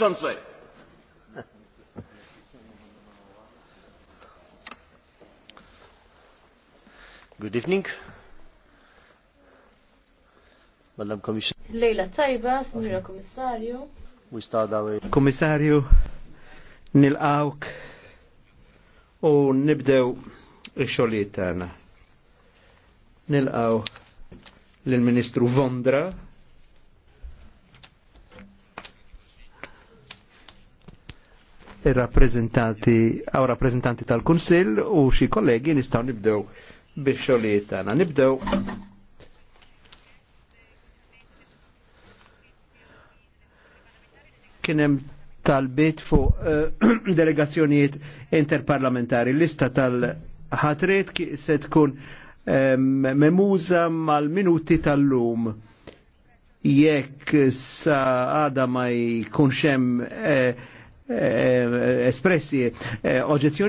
przewodniczący! Good evening. Madam Commissioner. Leila Tajba, Signora Commissario. We start our... Commissario, nil-għawk u nibdew il-xoliet tagħna. Nilqgħu lill-Ministru Vondra il-rappresentanti għaw rappresentanti tal-Kunsil u xi kollegi nistaw nibdew bix xogħlijiet tagħna. Nibdew kien hemm talbiet fuq eh, delegazzjonijiet interparlamentari. Lista tal-ħatret se tkun memuża mal-minuti tal-lum jekk sa għada ma jkunx hemm eh, Eh, eh, espressi eh, oġezzjoni